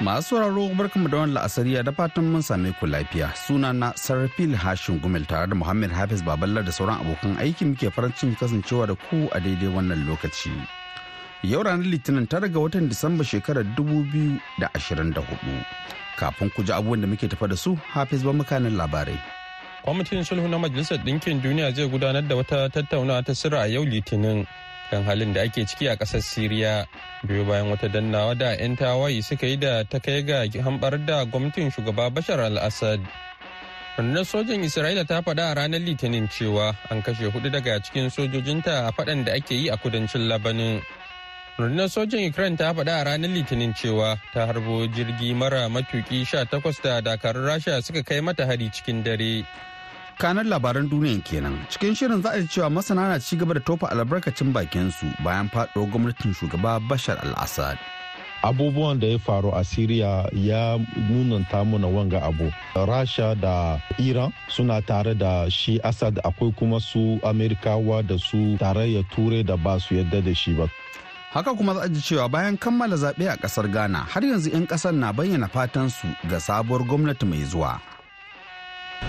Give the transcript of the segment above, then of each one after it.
Masu sauraro barkamu da wani la'asariya da fatan mun same ku lafiya. Suna na Sarfil Hashin Gumel tare da Muhammad Hafiz Baballa da sauran abokan aiki muke farin kasancewa da ku a daidai wannan lokaci. Yau ranar Litinin tara ga watan Disamba shekarar hudu Kafin ku ji abubuwan da muke tafa da su, Hafiz ba makanin labarai. kwamitin sulhu na majalisar ɗinkin duniya zai gudanar da wata tattaunawa ta sirra a yau litinin kan halin da ake ciki a ƙasar siriya biyu bayan wata dannawa da 'yan tawayi suka yi da ta kai ga hambar da gwamnatin shugaba bashar al-assad rundunar sojan isra'ila ta faɗa a ranar litinin cewa an kashe hudu daga cikin sojojinta a faɗan da ake yi a kudancin labanin rundunar sojan ukraine ta faɗa a ranar litinin cewa ta harbo jirgi mara matuki 18 da dakarun rasha suka kai mata hari cikin dare kanan labaran duniyan kenan cikin shirin za a cewa masana na ci gaba da tofa albarkacin bakinsu bayan faɗo gwamnatin shugaba bashar al-assad abubuwan da ya faru a syria ya nunanta muna wanga abu rasha da iran suna tare da shi assad akwai kuma su amerikawa da su tarayyar turai da ba su yadda da shi ba haka kuma za a ji cewa bayan kammala zaɓe a ƙasar ghana har yanzu 'yan ƙasar na bayyana fatan su ga sabuwar gwamnati mai zuwa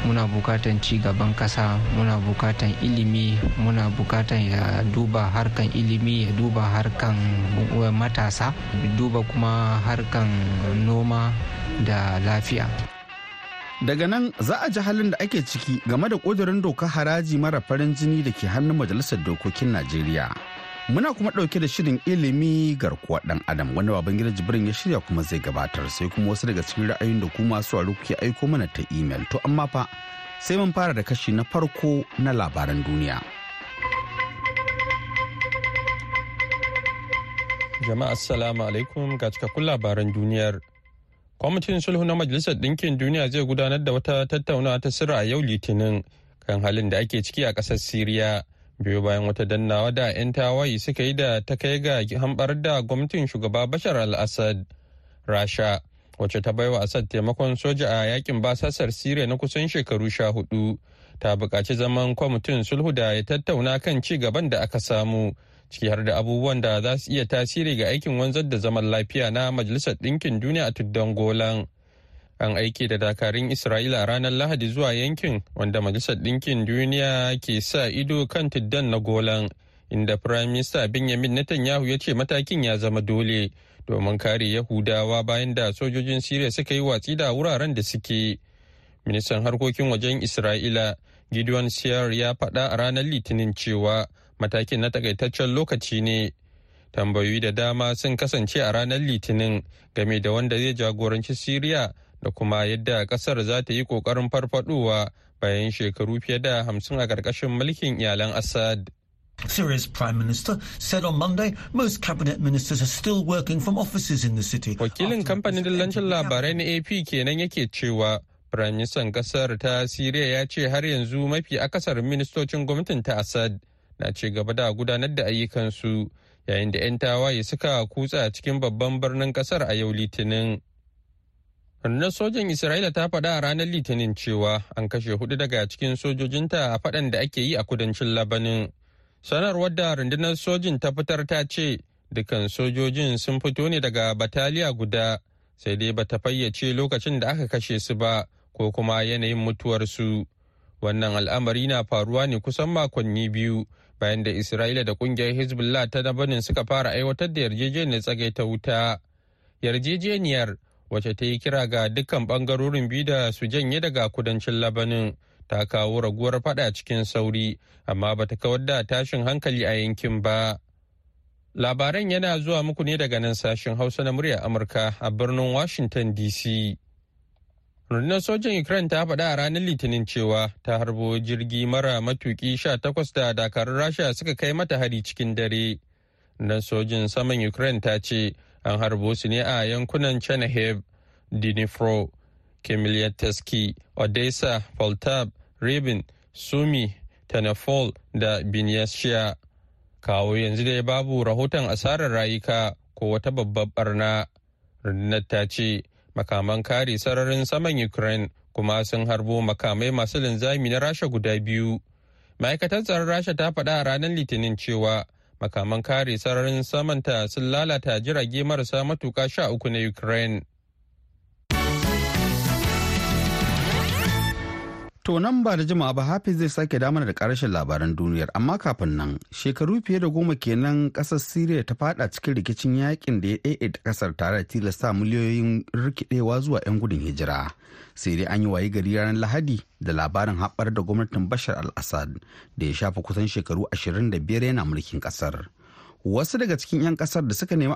muna bukatan ci gaban kasa muna bukatan ilimi muna bukatan ya duba harkan ilimi ya duba harkan eh, matasa duba kuma harkan noma da lafiya daga nan za a ji halin da ake ciki game da ƙudurin doka haraji mara farin jini da ke hannun majalisar dokokin najeriya Muna kuma ɗauke da shirin ilimi garkuwa ɗan Adam wanda Babangida Jibrin ya shirya kuma zai gabatar sai kuma wasu daga cikin ra'ayin da kuma su wari kuke aiko mana ta imel to amma fa sai mun fara da kashi na farko na labaran duniya. Jama'a assalamu alaikum ga cikakkun labaran duniyar. Kwamitin sulhu na Majalisar Ɗinkin Duniya zai gudanar da wata tattaunawa ta sirra a yau Litinin kan halin da ake ciki a ƙasar Siriya. biyu bayan wata dannawa da 'yan tawayi suka yi da ta kai ga hambar da gwamnatin shugaba bashar al-assad rasha wacce ta baiwa assad taimakon soja a yakin basasar siriya na kusan shekaru sha hudu ta buƙaci zaman kwamitin sulhu da ya tattauna kan ci gaban da aka samu ciki har da abubuwan da za su iya tasiri ga aikin wanzar da zaman lafiya na majalisar ɗinkin duniya a tuddan golan. an aiki da dakarun isra'ila ranar lahadi zuwa yankin wanda majalisar ɗinkin duniya ke sa ido kan tuddan na golan inda firayim minista benjamin netanyahu ya ce matakin ya zama dole domin kare yahudawa bayan da sojojin siriya suka yi watsi da wuraren da suke ministan harkokin wajen isra'ila gideon siyar ya faɗa a ranar litinin cewa matakin na takaitaccen lokaci ne tambayoyi da dama sun kasance a ranar litinin game da wanda zai jagoranci siriya da kuma yadda kasar za ta yi kokarin farfaɗowa bayan shekaru fiye da hamsin a ƙarƙashin mulkin iyalan Assad. Syria's Prime Minister said on Monday most cabinet ministers are still working from offices in the city. Wakilin kamfanin dillancin labarai na AP kenan yake cewa Firaministan kasar ta syria ya ce har yanzu mafi akasar ministocin gwamnatin ta Assad na ce gaba da gudanar da ayyukan su yayin da 'yan tawaye suka kutsa cikin babban birnin kasar a yau Litinin. Rundunar sojin Isra'ila ta faɗa a ranar Litinin cewa an kashe hudu daga cikin sojojinta a faɗan da ake yi a kudancin Labanin. Sanarwar da rundunar sojin ta fitar ta ce dukkan sojojin sun fito ne daga bataliya guda sai dai bata fayyace lokacin da aka kashe su ba ko kuma yanayin mutuwarsu. Wannan al'amari na faruwa ne kusan makonni biyu bayan da Isra'ila da kungiyar Hezbollah ta Labanin suka fara aiwatar da yarjejeniyar tsagaita wuta. Yarjejeniyar wacce ta yi kira ga dukkan bangarorin biyu da su janye daga kudancin labanin ta kawo raguwar fada cikin sauri amma ba ta kawar da tashin hankali a yankin ba labaran yana zuwa muku ne daga nan sashen hausa na murya amurka a birnin washington dc rundunar sojin ukraine ta faɗa a ranar litinin cewa ta harbo jirgi mara matuki sha takwas da dakarun rasha suka kai mata hari cikin dare rundunar sojin saman ukraine ta ce an harbo su ne a yankunan chernihiv dinifro kemilyateski odessa poltab ribin sumi tenefol da binyashiya kawo yanzu dai babu rahoton asarar rayuka ko wata babbar barna rundunar ta ce makaman kare sararin saman ukraine kuma sun harbo makamai masu linzami na rasha guda biyu ma'aikatar tsaron rasha ta faɗa a ranar litinin cewa makaman kare sararin samanta sun lalata jirage marasa matuka sha uku na ukraine To nan ba da jima'a ba Hafiz zai sake damar da karashin labaran duniyar amma kafin nan shekaru fiye da goma kenan kasar Siriya ta fada cikin rikicin yakin da ya ɗaiɗe da kasar tare da tilasta miliyoyin rikidewa zuwa 'yan gudun hijira. Sai dai an yi wayi gari ranar Lahadi da labarin haɓar da gwamnatin Bashar al-Assad da ya shafa kusan shekaru 25 yana mulkin kasar. Wasu daga cikin 'yan kasar da suka nemi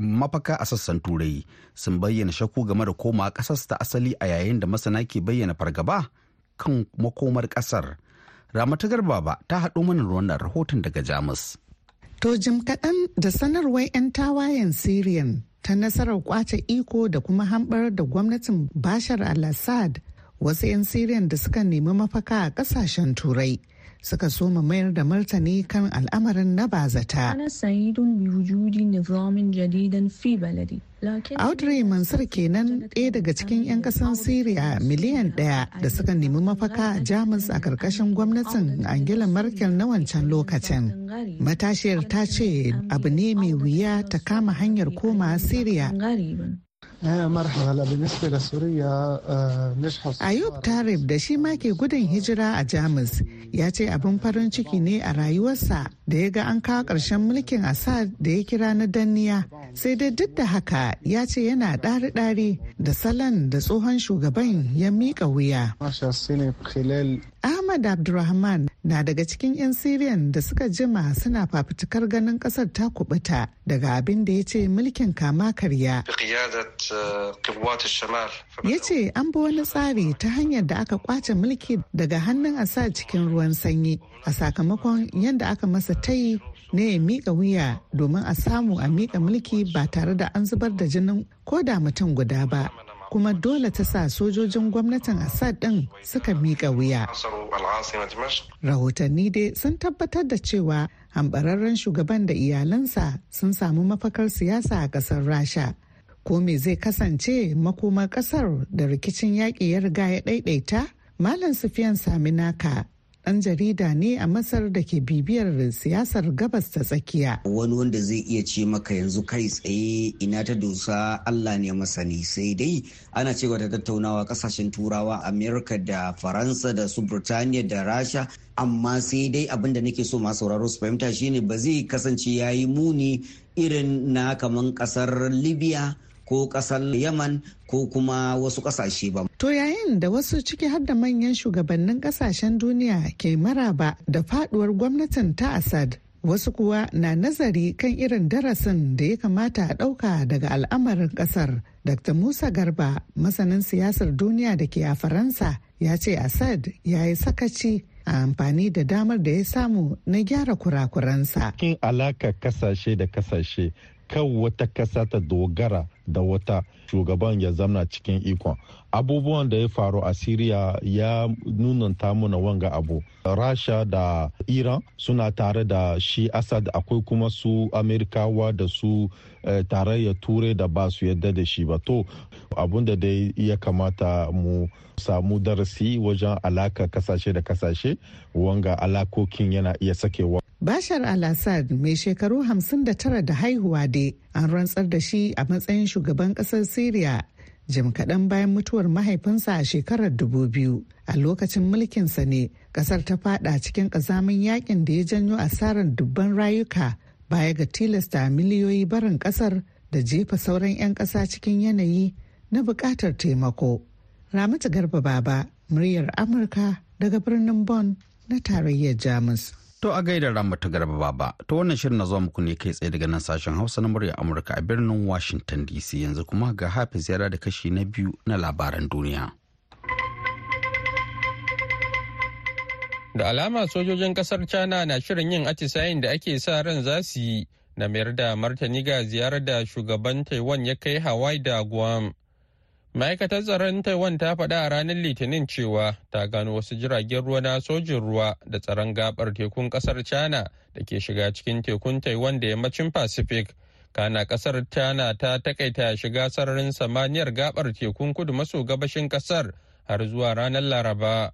mafaka a sassan turai sun bayyana shakku game da koma kasar ta asali a yayin da masana ke bayyana fargaba kan makomar ƙasar. Ramata Garba ba ta haɗo mana wannan rahoton daga Jamus. To jim kaɗan da sanarwar 'yan tawayen Syrian ta nasarar kwace iko da kuma hambar da gwamnatin Bashar al-Assad wasu 'yan Syrian da suka nemi mafaka a ƙasashen Turai suka soma mayar da martani kan al'amarin na bazata. Audrey Mansur kenan ɗaya daga cikin 'yan ƙasan Siriya miliyan ɗaya da suka nemi mafaka a Jamus a ƙarƙashin gwamnatin Angela Merkel na wancan lokacin. Matashiyar ta ce abu ne mai wuya ta kama hanyar koma Siriya. Ayub Tarib da shi ma ke gudun hijira a Jamus ya ce abin farin ciki ne a rayuwarsa da ya ga an kawo ƙarshen mulkin Assad da ya kira na danniya. Sai dai duk da haka ya ce yana ɗari ɗare da salon da tsohon shugaban ya miƙa wuya. Ahmad Abdulrahman na daga cikin 'yan Siriyan da suka jima suna fafutukar ganin kasar ta kubuta daga abin da ya ce mulkin kama karya. Ya ce an bi wani tsari ta hanyar da aka kwace mulki daga hannun asa cikin ruwan sanyi a sakamakon yadda aka masa ta yi na ya miƙa wuya domin a samu a miƙa mulki ba tare da an zubar da jinin ko da mutum guda ba. kuma dole ta sa sojojin gwamnatin Assad ɗin suka miƙa wuya. Rahotanni dai sun tabbatar da cewa hambararren shugaban da iyalansa sun samu mafakar siyasa a ƙasar Rasha. Ko me zai kasance makomar ƙasar da rikicin yaƙi ya riga ya ɗaiɗaita? Malam Sufiyan Saminaka ɗan jarida ne a Masar da ke bibiyar siyasar gabas ta tsakiya. Wani wanda zai iya ce maka yanzu kai tsaye ina ta dusa Allah ne masa ne. sai dai ana cewa ta tattaunawa kasashen turawa Amerika da Faransa da su birtaniya da Rasha amma sai dai abin da nake so masu sauraro su fahimta shine ba zai kasance ya yi muni irin na kamar kasar Libya ko kasar Yaman ko kuma wasu kasashe ba. To yayin da wasu ciki har da manyan shugabannin kasashen duniya ke maraba da faduwar gwamnatin ta Assad. Wasu kuwa na nazari kan irin darasin da ya kamata a ɗauka daga al'amarin ƙasar. Dr. Musa Garba, masanin siyasar duniya da ke a Faransa, ya ce Assad ya yi sakaci a amfani da damar da ya samu na gyara kurakuransa. Kin alaka kasashe da kasashe kan wata kasa ta dogara da wata shugaban ya zamna cikin ikon abubuwan da ya faru a siriya ya nunanta muna wanga abu rasha da iran suna tare da shi asad akwai kuma su amerikawa da su eh, tarayyar turai da ba su yadda da shi ba to abun da dai ya kamata mu samu darasi wajen alaka kasashe da kasashe wanga alakokin yana iya sakewa Bashar al mai shekaru 59 da haihuwa dai an rantsar da shi a matsayin shugaban kasar Siriya jim kaɗan bayan mutuwar mahaifinsa a shekarar 2000 a lokacin mulkinsa ne kasar ta fada cikin ƙazamin yakin da ya janyo asarar dubban rayuka baya ga tilasta miliyoyi barin kasar da jefa sauran 'yan ƙasa cikin yanayi na bukatar taimako. Ramatu Garba Baba, muryar Amurka daga birnin Bonn na tarayyar Jamus. To a gaida Ramatu Garba Baba, to wannan shirin na zuwa muku ne kai tsaye daga nan sashen Hausa na muryar Amurka a birnin Washington DC yanzu kuma ga Hafiz yara da kashi na biyu na labaran duniya. Da alama sojojin kasar China na shirin yin atisayin da ake sa ran za su yi na mayar da martani ga ziyarar da shugaban Taiwan ya kai Hawaii da Guam. ma'aikatar tsaron taiwan ta faɗa a ranar litinin cewa ta gano wasu jiragen ruwa na sojin ruwa da tsaron gabar tekun ƙasar china da ke shiga cikin tekun taiwan da yammacin pacific kana ƙasar china ta takaita shiga sararin samaniyar gabar tekun kudu maso gabashin ƙasar har zuwa ranar laraba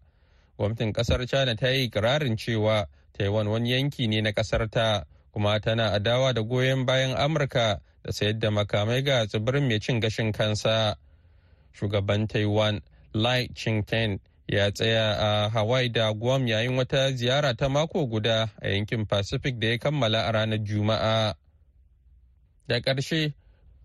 gwamnatin ƙasar china ta yi kirarin cewa taiwan wani yanki ne na ƙasar ta kuma tana adawa da goyon bayan amurka da sayar da makamai ga tsibirin mai cin gashin kansa. shugaban taiwan lai ching-ten ya tsaya a hawaii da guam yayin wata ziyara ta mako guda a yankin pacific da ya kammala a ranar juma'a da ƙarshe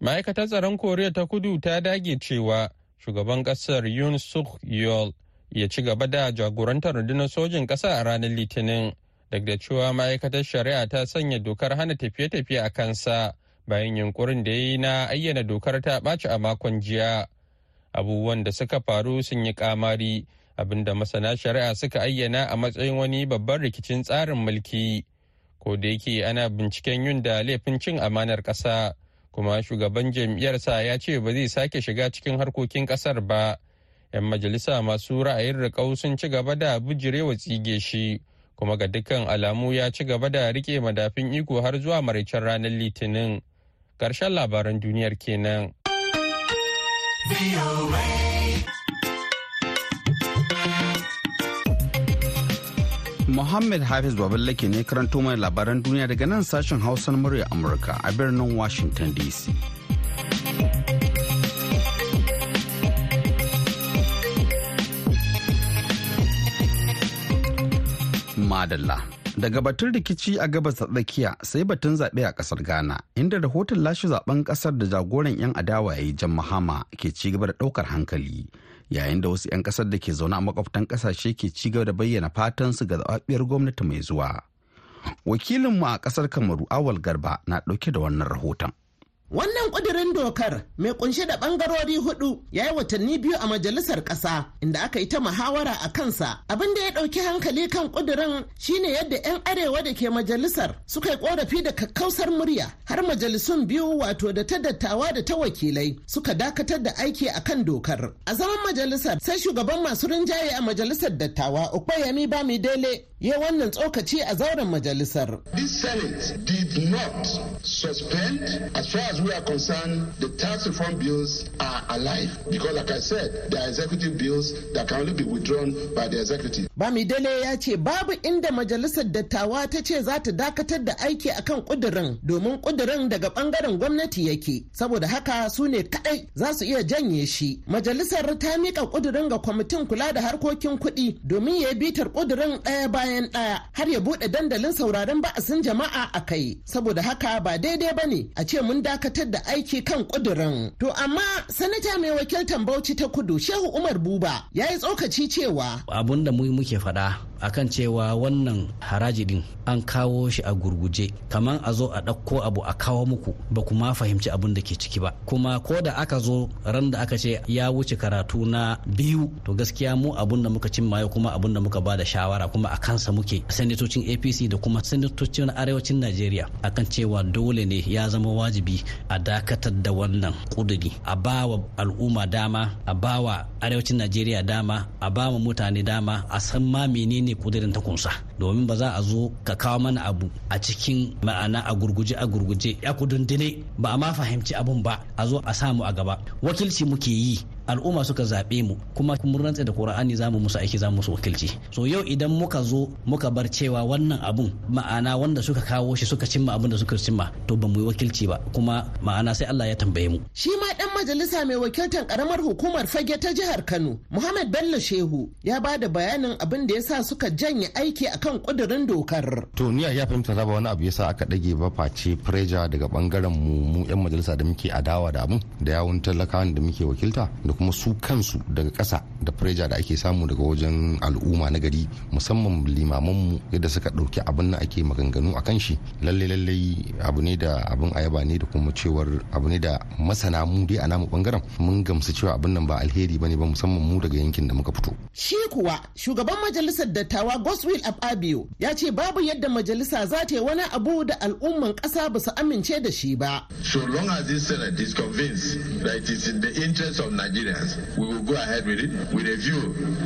ma'aikatar tsaron koriya ta kudu ta dage cewa shugaban ƙasar yun suk yol ya ci gaba da jagorantar rundunar sojin ƙasa a ranar litinin duk da cewa ma'aikatar shari'a ta sanya dokar hana tafiye-tafiye a kansa bayan yunkurin da ya yi na ayyana dokar ta ɓaci a makon jiya abubuwan da suka faru sun yi kamari abinda masana shari'a suka ayyana a matsayin wani babban rikicin tsarin mulki ko da yake ana binciken yun da laifin cin amanar ƙasa kuma shugaban jam'iyyarsa ya ce ba zai sake shiga cikin harkokin ƙasar ba 'yan majalisa masu ra'ayin riƙau sun ci gaba da bijirewa tsige shi kuma ga dukkan alamu ya ci gaba da rike madafin iko har zuwa maraicen ranar litinin ƙarshen labaran duniyar kenan. Muhammad Hafiz Babalake ne karanto mai labaran duniya daga nan sashen Hausa na murya Amurka a birnin Washington DC. Madalla. Daga batun rikici a gabas ta tsakiya sai batun zaɓe a ƙasar Ghana, inda rahoton lashe zaben ƙasar da jagoran 'yan adawa ya yi Jan Mahama ke ci gaba da ɗaukar hankali, yayin da wasu 'yan ƙasar da ke zaune a makwabtan ƙasashe ke ci gaba da bayyana fatan su ga zaɓaɓɓiyar gwamnati mai zuwa. Wakilinmu a ƙasar Kamaru Awal Garba na ɗauke da wannan rahoton. Wannan ƙudirin dokar mai kunshe da ɓangarori hudu ya yi watanni biyu a majalisar ƙasa inda aka yi ta muhawara a kansa. Abin da ya ɗauki hankali kan ƙudirin shine yadda 'yan arewa da ke majalisar suka yi ƙorafi da kakkausar murya har majalisun biyu wato da ta dattawa da ta wakilai suka dakatar da aiki a kan dokar. A zaman majalisar sai shugaban masu rinjaye a majalisar dattawa Ukpayami Bamidele ya yi wannan tsokaci a zauren majalisar. This Senate did not suspend as as we are concerned, the tax reform bills are alive because, like I said, they are executive bills that can only be withdrawn by the executive. Dele ya ce babu inda majalisar dattawa ta ce za ta dakatar da aiki a kan kudirin domin kudirin daga bangaren gwamnati yake saboda haka su ne kadai za su iya janye shi. Majalisar ta miƙa kudirin ga kwamitin kula da harkokin kuɗi domin ya bitar kudirin ɗaya bayan ɗaya har ya buɗe dandalin sauraron ba'asin jama'a a kai saboda haka ba daidai ba ne a ce mun dakatar dakatar da aiki kan ƙudirin To amma sanata mai wakiltan Bauchi ta Kudu Shehu Umar Buba ya yi tsokaci cewa. Abun da mu muke faɗa akan cewa wannan haraji din an kawo shi a gurguje kamar a zo a ɗauko abu a kawo muku ba kuma fahimci abin da ke ciki ba kuma ko da aka zo ran da aka ce ya wuce karatu na biyu to gaskiya mu abin da muka cimma yau kuma abun da muka ba da shawara kuma a kansa muke sanatocin apc da kuma sanatocin arewacin najeriya akan cewa dole ne ya zama wajibi a dakatar da wannan kuduri a bawa al'umma dama a bawa arewacin najeriya dama a bawa mutane dama a san ma menene menene kudirin ta kunsa domin ba za a zo ka kawo mana abu a cikin ma'ana a gurguje a gurguje ya kudin dine ba a ma fahimci abun ba a zo a samu a gaba wakilci muke yi al'umma suka zaɓe mu kuma mun rantse da qur'ani za mu musu aiki za mu musu wakilci so yau idan muka zo muka bar cewa wannan abun ma'ana wanda suka kawo shi suka cimma abin da suka cimma to ba mu yi wakilci ba kuma ma'ana sai Allah ya tambaye mu shi ma dan majalisa mai wakiltar karamar hukumar fage ta jihar Kano Muhammad Bello Shehu ya ba da bayanin abin da ya sa suka janye aiki akan kudirin dokar to ni ya fahimta ba wani abu yasa aka dage ba face pressure daga bangaren mu mu yan majalisa da muke adawa da abun da yawun talakawan da muke wakilta kuma su kansu daga kasa da fureja da ake samu daga wajen al'umma na gari musamman limamanmu yadda suka ɗauki abin da ake maganganu a kan shi lalle lalle abu ne da abin ayaba ne da kuma cewar abu ne da masana mu dai a namu bangaren mun gamsu cewa abin nan ba alheri bane ba musamman mu daga yankin da muka fito shi kuwa shugaban majalisar dattawa Goswill Ababio ya ce babu yadda majalisa za ta yi wani abu da al'umman kasa ba su amince da shi ba so long as this senate uh, is convinced that it is in the interest of Nigeria guidance, we will go ahead with it with a view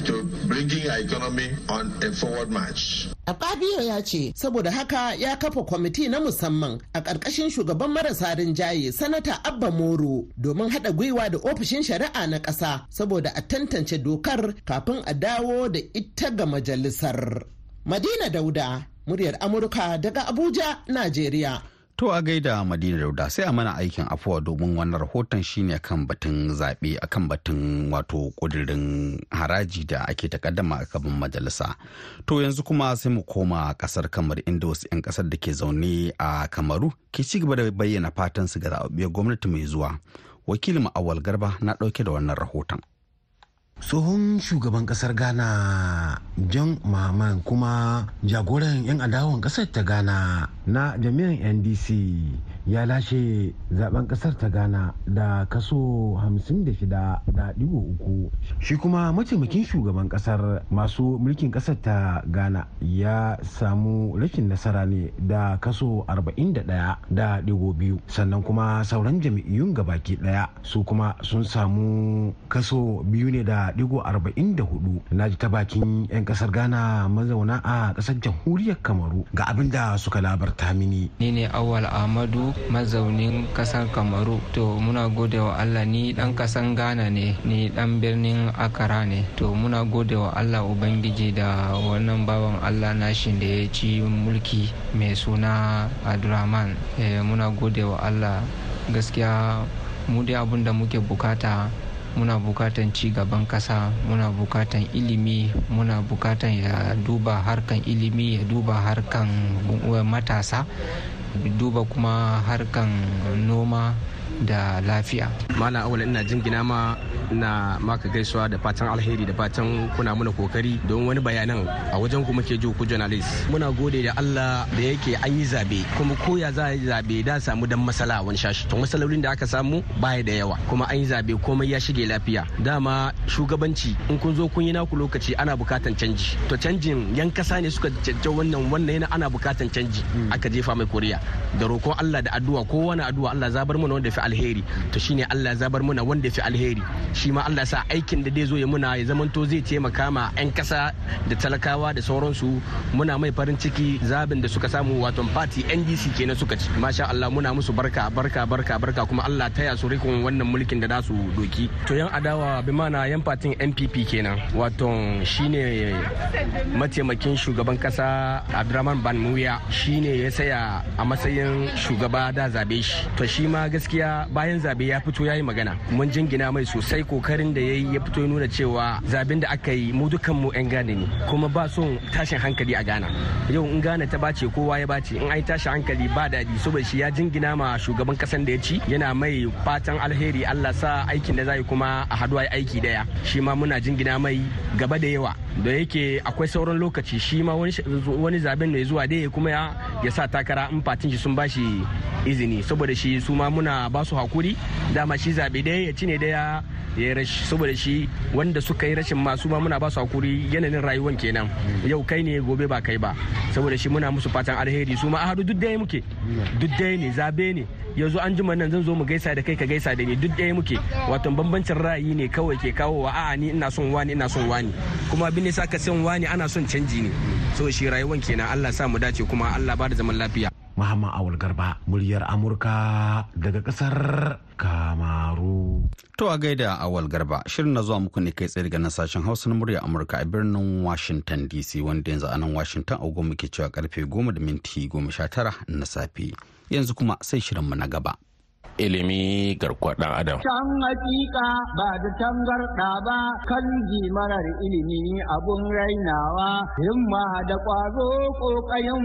to bringing our economy on a forward march. Akpabio ya ce saboda haka ya kafa kwamiti na musamman a ƙarƙashin shugaban marasa rinjaye sanata Abba Moro domin haɗa gwiwa da ofishin shari'a na ƙasa saboda a tantance dokar kafin a dawo da ita ga majalisar. Madina Dauda, muryar Amurka daga Abuja, Najeriya. To a gaida Madina Dauda sai a mana aikin afuwa domin wannan rahoton shine kan batun zaɓe akan batun wato ƙudurin haraji da ake takaddama a gaban majalisa. To yanzu kuma sai mu koma ƙasar kamar inda wasu 'yan ƙasar da ke zaune a Kamaru ke ci gaba da bayyana fatan su ga zaɓe gwamnati mai zuwa. Wakilin Awal Garba na ɗauke da wannan rahoton. tsohon shugaban kasar ghana john mahaman kuma jagoran 'yan adawan kasar ta ghana na jami'an ndc ya lashe zaben kasar ta ghana da kaso 56.3 shi kuma mataimakin shugaban kasar masu mulkin kasar ta ghana ya samu rashin nasara ne da kaso 41.2 sannan kuma sauran jami'iyun gabaki daya su kuma sun samu kaso biyu ne da digo 44 na ji ta bakin 'yan kasar ghana mazauna a kasar jamhuriyar kamaru ga abin da suka labarta mini ni ne awal amadu mazaunin kasar kamaru to muna gode wa allah ni dan kasan ghana ne ni dan birnin akara ne to muna gode wa allah ubangiji da wannan bawan allah nashi da ya ci mulki mai suna abdulrahman eh, muna gode wa allah gaskiya mu dai abun da muke bukata muna bukatan ci gaban kasa muna bukatan ilimi muna bukatan ya duba harkan ilimi ya duba harkan matasa duba kuma harkan noma da lafiya. Malam awal ina jingina ma na maka gaisuwa da fatan alheri da fatan kuna muna kokari don wani bayanan a wajen ku ke ku journalist. Muna gode da Allah da yake an yi zabe kuma koya za a yi zabe da samu dan masala a wani shashi. To masalolin da aka samu baya da yawa kuma an yi zabe komai ya shige lafiya. Dama shugabanci in kun zo kun yi naku lokaci ana bukatan canji. To canjin yan kasa ne suka jajjau wannan wannan yana ana bukatan canji. Hmm. Aka jefa mai koriya da roƙon Allah da addu'a ko wani addu'a Allah zabar mana wanda alheri to shine Allah ya zabar muna wanda ya fi alheri shi ma Allah sa aikin da zai zo ya muna ya zamanto zai taimaka ma 'yan kasa da talakawa da sauransu muna mai farin ciki zabin da suka samu wato party NDC kenan suka ci masha Allah muna musu barka barka barka barka kuma Allah taya su rikon wannan mulkin da su doki to yan adawa bi mana yan fatin NPP kenan wato shine mataimakin shugaban kasa Abdurrahman Banmuya shine ya saya a matsayin shugaba da zabe shi to shi ma gaskiya bayan zabe ya fito ya yi magana mun jingina mai sosai kokarin da ya ya fito nuna cewa zaben da aka yi mu dukan mu yan gane ne kuma ba son tashin hankali a gana yau in Ghana ta bace kowa ya bace in ai tashin hankali ba daɗi saboda shi ya jingina ma shugaban kasan da ya ci yana mai fatan alheri Allah sa aikin da zai kuma a haduwa aiki daya shi ma muna jingina mai gaba da yawa da yake akwai sauran lokaci shi ma wani zaben mai zuwa ya kuma ya sa takara in fatin shi sun bashi izini saboda shi su ma muna ba su hakuri dama shi zabe dai ya ci ne daya ya rashi saboda shi wanda suka yi rashin ma su ma muna ba su hakuri yanayin rayuwan kenan yau kai ne gobe ba kai ba saboda shi muna musu fatan alheri su ma a hadu duk muke duk ne zabe ne yanzu an jima nan zan zo mu gaisa da kai ka gaisa da ni duk ɗaya muke wato bambancin ra'ayi ne kawai ke kawo wa a'a ni ina son wani ina son wani kuma abin ne sa ka son wani ana son canji ne so shi rayuwan kenan Allah sa mu dace kuma Allah ba da zaman lafiya Muhammad Awul Garba, muryar Amurka daga kasar Kamaru. To a gaida Awul Garba, shirin na zuwa muku ne kai tsaye daga sashen Hausa na muryar Amurka a birnin Washington DC wanda yanzu anan nan Washington agogo muke cewa karfe goma da minti goma sha tara na safe. Yanzu kuma sai shirin mu na gaba. ilimi garkuwar ɗan adam. Can hakika ba da tangarɗa ba kan marar ilimi abun rainawa himma da ƙwazo ƙoƙayen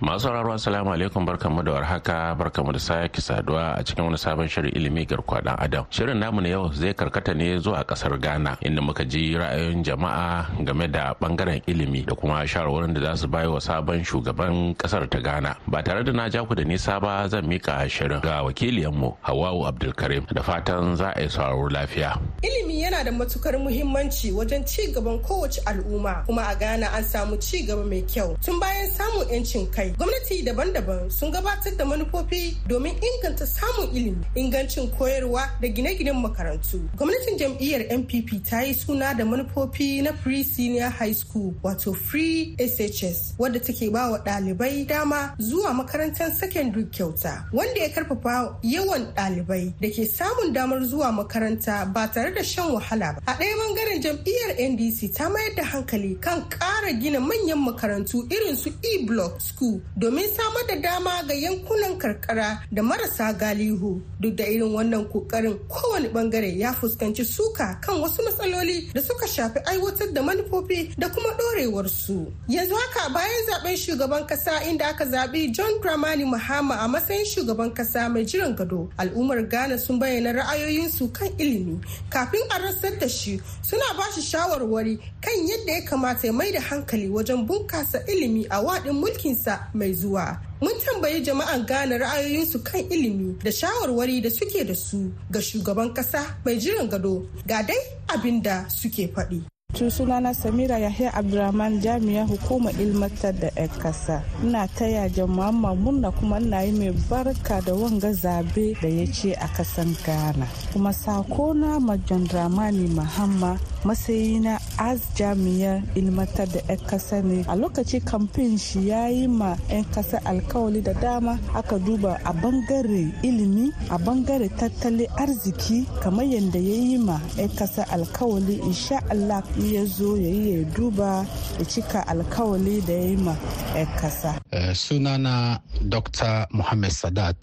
Masu sauraro salamu alaikum barkamu da warhaka barkamu da sake saduwa a cikin wani sabon shirin ilimi garkuwa ɗan adam. Shirin namu na yau zai karkata ne zuwa ƙasar Ghana inda muka ji ra'ayoyin jama'a game da ɓangaren ilimi da kuma shawarwarin da za su bayo wa sabon shugaban ƙasar ta Ghana. Ba tare da na ja ku da nisa ba zan miƙa shirin ga wakiliyanmu Hawawu Abdulkarim da fatan za a yi sauraro lafiya. Ilimi yana da matukar muhimmanci wajen ci gaban kowace al'umma kuma a Ghana an samu ci gaba mai kyau. Tun bayan samun 'yancin kai, gwamnati daban-daban sun gabatar da manufofi domin inganta samun ilimi, ingancin koyarwa da gine-ginen makarantu. Gwamnatin jam'iyyar NPP ta yi suna da manufofi na Free Senior High School wato Free SHS wadda take ba wa ɗalibai dama zuwa makarantar secondary kyauta wanda ya karfafa yawan ɗalibai da ke samun damar zuwa makaranta ba tare da shan wahala ba. A ɗaya bangaren jam'iyyar NDC ta mayar da hankali kan ƙara gina manyan makarantu irin su E-Block School domin samar da dama ga yankunan karkara da marasa galihu. Duk da irin wannan kokarin kowane ɓangare ya fuskanci suka kan wasu matsaloli da suka shafi aiwatar da manufofi da kuma ɗorewarsu. Yanzu haka bayan zaben shugaban ƙasa inda aka zaɓi John Dramani Mahama a matsayin shugaban ƙasa mai jiran gado al'ummar ghana sun bayyana ra'ayoyinsu kan ilimi kafin a rasar da shi suna ba shi shawarwari kan yadda ya kamata ya mai da hankali wajen bunkasa ilimi a waɗin mulkinsa mai zuwa mun tambayi jama'an Ghana ra'ayoyinsu kan ilimi da shawarwari da suke da su ga shugaban kasa mai jiran gado ga dai abin da suke faɗi. Tun sunana Samira Yahya Abdulrahman jami'a hukumar ilmantar da 'yan kasa. Ina taya jama'an murna kuma ina yi mai barka da wanga zabe da ya ce a kasan Ghana. Kuma sako na ma Dramani Mahamma matsayi na as jami'ar ilmantar da 'yan kasa ne a lokaci kamfen shi ya yi ma 'yan kasa alkawali da dama aka duba a bangare ilimi a bangare tattalin arziki kamar yadda ya yi ma 'yan kasa alkawali insha Allah ya zo ya yi ya duba ya cika alkawali da ya yi ma 'yan kasa. Eh, sunana dr muhammad sadat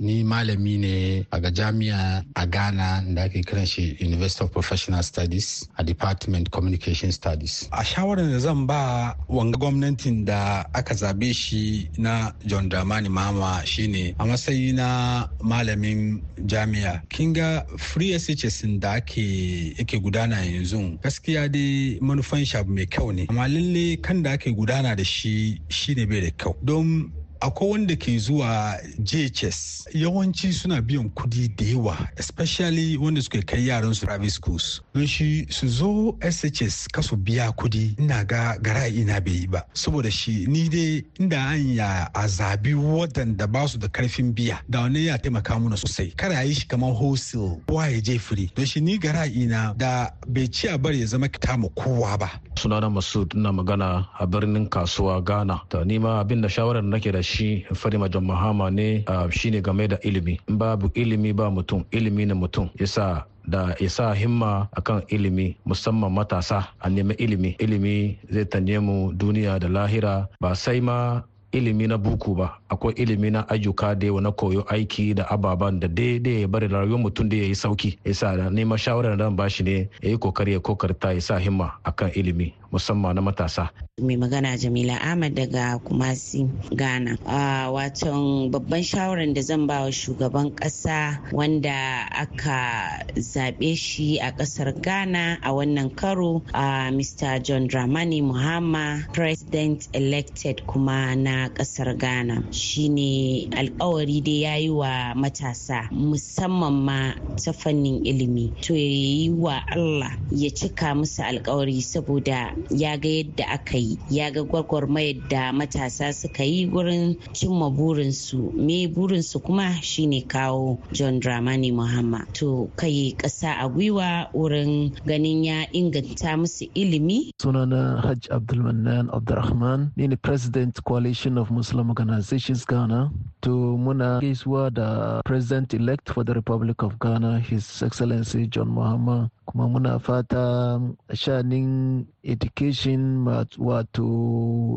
ni malami ne a jami'a a ghana da ake kiran shi university of professional studies a department communication studies a shawarar da zan ba wanga gwamnatin da aka zabe shi na john dramani mama shine a matsayi na malamin jami'a kinga ga free shs da ake yake gudana yanzu gaskiya dai manufan shi mai kyau ne amma lalle kan da ake gudana da shi shine bai da kyau don akwai wanda ke zuwa jhs yawanci suna biyan kudi da yawa especially wanda suke kai yaran su private schools don shi su zo shs kasu biya kudi ina ga gara ina bai yi ba saboda shi ni dai inda an ya a zabi waɗanda ba su da karfin biya da wani ya taimaka mana sosai kada yi shi kamar hosil kowa ya je free don shi ni gara ina da bai ci a bar ya zama kita mu kowa ba sunana masud na magana a birnin kasuwa ghana ta nima abin da shawarar da nake da shi fadima john mahama ne shine game da ilimi babu ilimi ba mutum ilimi na mutum yasa da ya sa himma akan ilimi musamman matasa a nemi ilimi ilimi zai tanye mu duniya da lahira ba sai ma ilimi na buku ba akwai ilimi na ayyuka da yawa na koyo aiki da ababen da daidai ya bari rayuwar mutum da ya yi sauki yasa neman shawarar da ba shi ne ya yi kokari ya kokarta ya sa himma akan ilimi musamman na matasa. Mai magana Jamila Ahmad daga Kumasi Ghana. Uh, babban shawarar da zan bawa shugaban ƙasa wanda aka zaɓe shi a ƙasar Ghana a wannan karo uh, Mr. John Dramani Muhammad President elected kuma na ƙasar Ghana shine alkawari da ya yi wa matasa musamman ma ta fannin ilimi to ya yi wa Allah ya cika musu alkawari saboda ya ga yadda aka yi ya ga gwagwarmayar da matasa suka yi wurin cimma burinsu me burinsu kuma shine kawo john dramani muhammad to kai ƙasa a gwiwa wurin ganin ya inganta musu ilimi sunana hajj abdulmanan abdulrahman ni ne president coalition of muslim organizations ghana to muna gaisuwa da president elect for the republic of ghana his excellency john muhammad kuma muna fata shanin education wato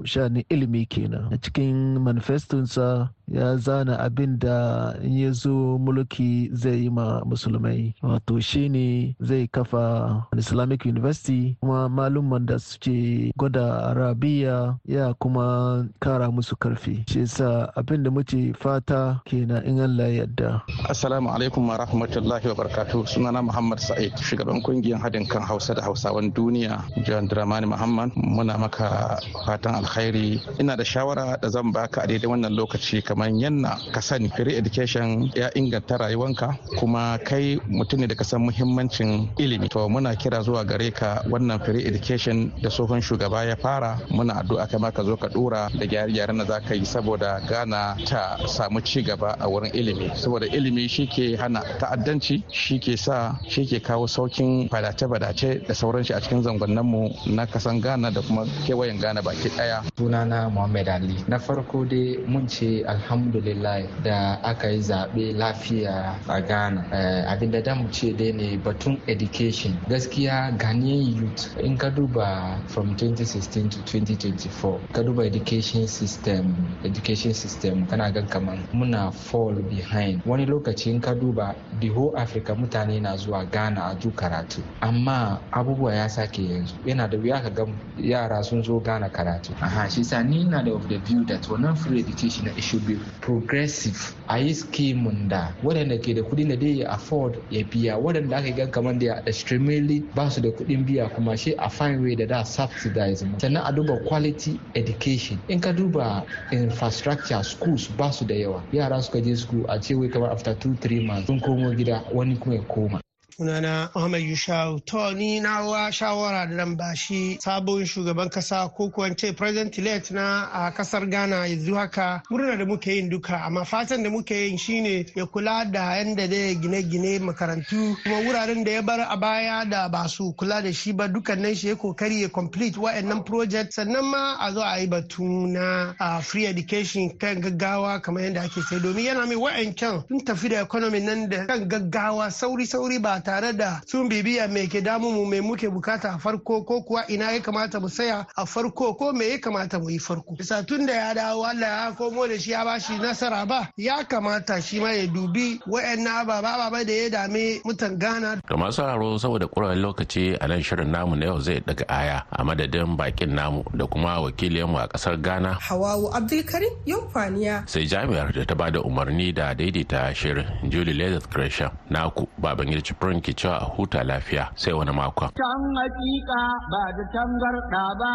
shanin ilimi kenan a cikin manifestonsa ya zana abin da in ya zo mulki zai yi ma musulmai wato shi ne zai kafa islamic university kuma malumman da suke gwada arabiya ya kuma kara musu karfi shi sa abin da muke fata kenan in allah yadda assalamu alaikum wa rahmatullahi wa barakatu sunana muhammad sa'id shugaban kungiyar haɗin kan hausa da hausawan duniya john dramani muhammad muna maka fatan alkhairi ina da shawara da zan baka a daidai wannan lokaci kamar manyan na ka sani free education ya inganta rayuwanka kuma kai mutum ne da ka san muhimmancin ilimi to muna kira zuwa gare ka wannan free education da tsohon shugaba ya fara muna addu'a kai ma ka zo ka dora da gyare-gyaren da za yi saboda gana ta samu ci gaba a wurin ilimi saboda ilimi shi ke hana ta'addanci shi ke sa shi kawo saukin fadace-fadace da sauran shi a cikin zangonnan mu na kasan gana da kuma kewayen gana baki daya sunana Muhammad Ali na farko dai mun ce alhamdulillah alhamdulillah da aka yi zaɓe lafiya a ghana eh, abinda da mu ce dai ne batun education gaskiya ghanaian youth in ka duba from 2016 to 2024 ka duba education system education system kana gan kamar muna fall behind wani lokaci in ka duba the whole africa mutane na zuwa ghana a karatu amma abubuwa ya sake yanzu yana da wuya ka ga yara sun zo ghana karatu aha shi sa ni na da of the view that wannan free education na issue be progressive a yi skimin da waɗanda ke da kuɗi da dai ya afford ya biya waɗanda aka gan kamar da extremely ba su da kuɗin biya kuma shi a fine way da da subsidize mu sannan a duba quality education in ka duba infrastructure schools ba su da yawa yara suka je school a ce wai kamar after 2 3 months sun komo gida wani kuma ya koma sunana Ahmed Yushau to ni na wa shawara da nan bashi sabon shugaban kasa ko kuwa ce president elect na a kasar Ghana yanzu haka murna da muke yin duka amma fatan da muke yin shine ya kula da yanda da gine-gine makarantu kuma wuraren da ya bar a baya da ba su kula da shi ba nan shi ya kokari ya complete wa'annan project sannan ma a zo a yi batu na free education kan gaggawa kamar yadda ake sai domin yana mai wa'ancan tun tafi da economy nan da kan gaggawa sauri-sauri ba ta tare da sun bibiya me ke damu mu me muke bukata a farko ko kuwa ina ya kamata mu saya a farko ko me ya kamata mu yi farko bisa tun da ya dawo Allah ya komo da shi ya bashi nasara ba ya kamata shi ma ya dubi wa'annan ababa ababa da ya dame mutan gana. da masu haro saboda kuran lokaci a nan shirin namu na yau zai daga aya a madadin bakin namu da kuma wakilinmu a ƙasar Ghana Hawawu Abdulkarim Yumfaniya sai jami'ar da ta bada umarni da daidaita shirin Julie Leather Gresham naku baban Girci sauran ke cewa a huta lafiya sai wani makon. Can hakika ba da tangarɗa ba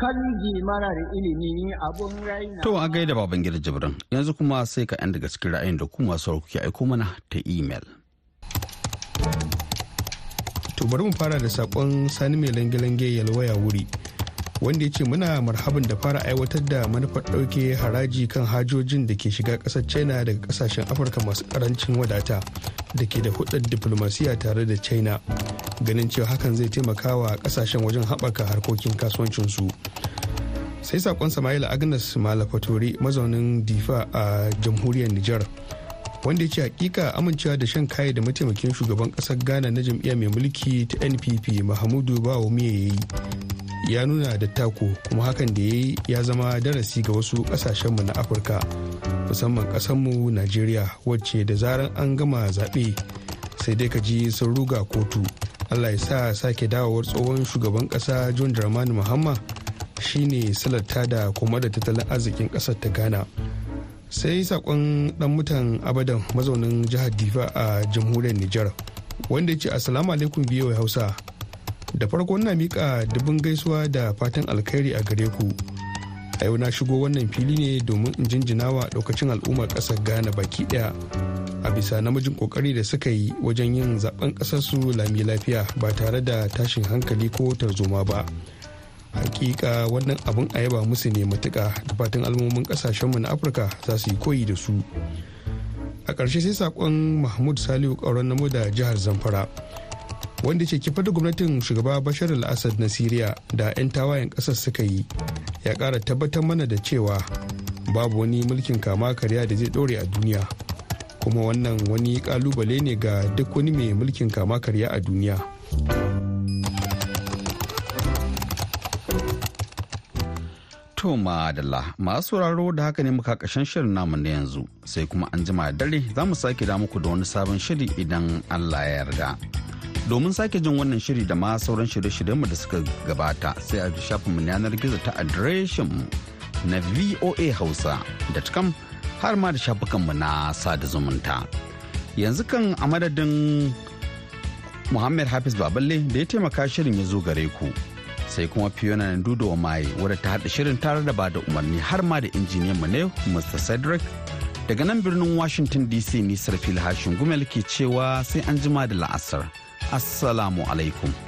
kan marar ilimi abun raina. To a gaida baban gida jibrin yanzu kuma sai ka yan daga cikin ra'ayin da kuma sauran kuke aiko mana ta imel. To bari mu fara da saƙon sani mai lange-lange yalwaya wuri. wanda ya ce muna marhabin da fara aiwatar da manufar ɗauke haraji kan hajojin da ke shiga ƙasar china daga ƙasashen afirka masu karancin wadata da ke da hudar diplomasiya tare da china ganin cewa hakan zai taimaka wa kasashen wajen haɓaka harkokin kasuwancinsu sai sakon sama'ila agnes malafatori mazaunin difa a jamhuriyar niger wanda ya ce hakika amincewa da shan kaye da mataimakin shugaban kasar ghana na jam'iyya mai mulki ta npp mahamudu bawo ya yi ya nuna da tako kuma hakan da ya yi ya zama darasi ga wasu kasashenmu na afirka musamman kasanmu najeriya wacce da zaran an gama zaɓe sai dai ka ji sun ruga kotu allah ya sa sake dawowar tsohon shugaban ƙasa john dramani muhamma shine salatta da kuma da tattalin arzikin ƙasar ta ghana sai saƙon ɗan mutan abadan mazaunin jihar difa a jamhuriyar nijar wanda ya ce assalamu alaikum biyo hausa da farko na mika dubin gaisuwa da fatan alkhairi a gare ku a yau na shigo wannan fili ne domin in jinjina wa daukacin al'ummar ƙasar ghana baki daya a bisa namijin kokari da suka yi wajen yin zaben ƙasarsu lami lafiya ba tare da tashin hankali ko tarzoma ba hakika wannan abun a yaba musu ne matuka da fatan al'ummomin ƙasashenmu na afirka za su yi koyi da su a ƙarshe sai saƙon mahmud saliu ƙauran namu da jihar zamfara wanda ke kifar da gwamnatin shugaba bashar al-assad na siriya da 'yan tawayen ƙasa suka yi ya kara tabbatar mana da cewa babu wani mulkin kama karya da zai dore a duniya kuma wannan wani kalubale ne ga duk wani mai mulkin kama karya a duniya To madalla masu sauraro da haka ne muka kashen shirin namu na yanzu sai kuma an jima da dare za mu sake da muku da wani sabon shiri idan Allah ya yarda. domin sake jin wannan shiri da ma sauran shirye-shiryenmu da suka gabata sai a shafinmu na yanar gizo ta adireshin na voa hausa.com har ma da shafukanmu na sada zumunta yanzu kan a madadin muhammad hafiz baballe da ya taimaka shirin ya zo gare ku sai kuma fiona na dudo maye wadda ta haɗa shirin tare da bada umarni har ma da injiniyanmu ne mr cedric daga nan birnin washington dc nisar hashin gumel ke cewa sai an jima da la'asar السلام عليكم